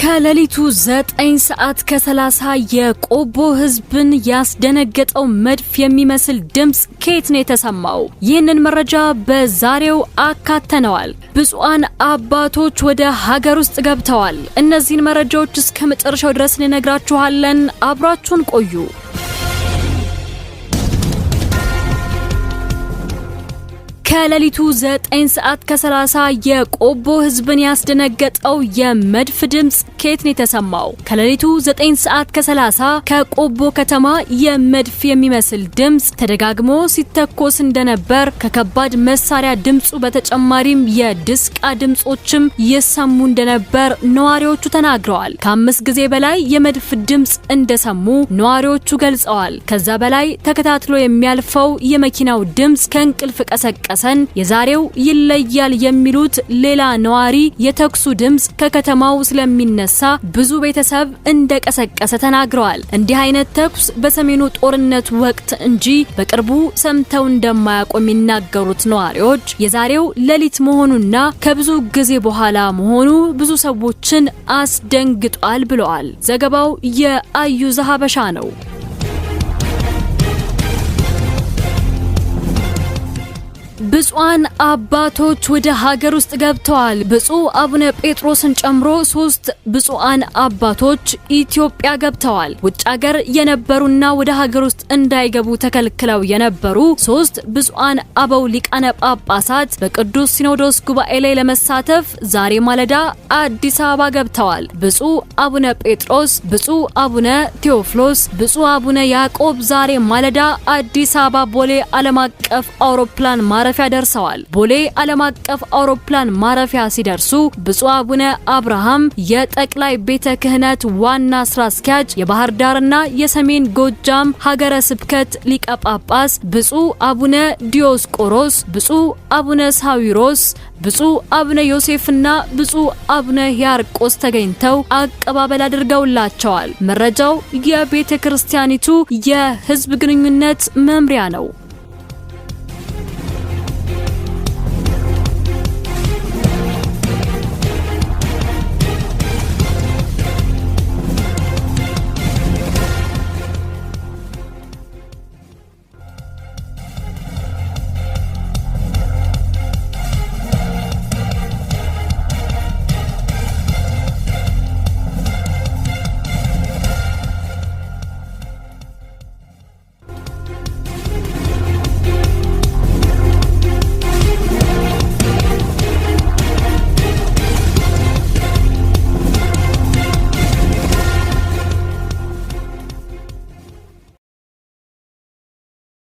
ከሌሊቱ 9 ሰዓት ከ30 የቆቦ ህዝብን ያስደነገጠው መድፍ የሚመስል ድምፅ ከየት ነው የተሰማው? ይህንን መረጃ በዛሬው አካተነዋል። ብፁዓን አባቶች ወደ ሀገር ውስጥ ገብተዋል። እነዚህን መረጃዎች እስከ መጨረሻው ድረስ እንነግራችኋለን። አብራችሁን ቆዩ። ከሌሊቱ 9 ሰዓት ከሰላሳ የቆቦ ህዝብን ያስደነገጠው የመድፍ ድምፅ ከየት ነው የተሰማው? ከሌሊቱ 9 ሰዓት ከ ከቆቦ ከተማ የመድፍ የሚመስል ድምፅ ተደጋግሞ ሲተኮስ እንደነበር ከከባድ መሳሪያ ድምፁ በተጨማሪም የድስቃ ድምፆችም ይሰሙ እንደነበር ነዋሪዎቹ ተናግረዋል። ከአምስት ጊዜ በላይ የመድፍ ድምፅ እንደሰሙ ነዋሪዎቹ ገልጸዋል። ከዛ በላይ ተከታትሎ የሚያልፈው የመኪናው ድምፅ ከእንቅልፍ ቀሰቀሰ ሐሰን የዛሬው ይለያል የሚሉት ሌላ ነዋሪ የተኩሱ ድምፅ ከከተማው ስለሚነሳ ብዙ ቤተሰብ እንደቀሰቀሰ ተናግረዋል። እንዲህ አይነት ተኩስ በሰሜኑ ጦርነት ወቅት እንጂ በቅርቡ ሰምተው እንደማያውቁ የሚናገሩት ነዋሪዎች የዛሬው ሌሊት መሆኑና ከብዙ ጊዜ በኋላ መሆኑ ብዙ ሰዎችን አስደንግጧል ብለዋል። ዘገባው የአዩዘ ሀበሻ ነው። ብፁዓን አባቶች ወደ ሀገር ውስጥ ገብተዋል። ብፁዕ አቡነ ጴጥሮስን ጨምሮ ሶስት ብፁዓን አባቶች ኢትዮጵያ ገብተዋል። ውጭ ሀገር የነበሩና ወደ ሀገር ውስጥ እንዳይገቡ ተከልክለው የነበሩ ሶስት ብፁዓን አበው ሊቃነ ጳጳሳት በቅዱስ ሲኖዶስ ጉባኤ ላይ ለመሳተፍ ዛሬ ማለዳ አዲስ አበባ ገብተዋል። ብፁዕ አቡነ ጴጥሮስ፣ ብፁዕ አቡነ ቴዎፍሎስ፣ ብፁዕ አቡነ ያዕቆብ ዛሬ ማለዳ አዲስ አበባ ቦሌ ዓለም አቀፍ አውሮፕላን ማረፊያ ደርሰዋል። ቦሌ ዓለም አቀፍ አውሮፕላን ማረፊያ ሲደርሱ ብፁዕ አቡነ አብርሃም የጠቅላይ ቤተ ክህነት ዋና ስራ አስኪያጅ የባህር ዳርና የሰሜን ጎጃም ሀገረ ስብከት ሊቀ ጳጳስ ብፁዕ አቡነ ዲዮስቆሮስ፣ ብፁዕ አቡነ ሳዊሮስ ብፁዕ አቡነ ዮሴፍና ብፁዕ አቡነ ያርቆስ ተገኝተው አቀባበል አድርገውላቸዋል። መረጃው የቤተ ክርስቲያኒቱ የሕዝብ ግንኙነት መምሪያ ነው።